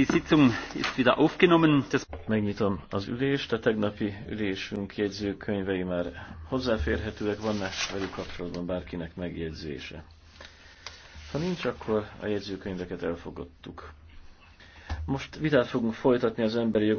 Die Sitzung ist wieder aufgenommen. Das Megnyitom az ülést, a tegnapi ülésünk jegyzőkönyvei már hozzáférhetőek, van-e velük kapcsolatban bárkinek megjegyzése? Ha nincs, akkor a jegyzőkönyveket elfogadtuk. Most vitát fogunk folytatni az emberi jogok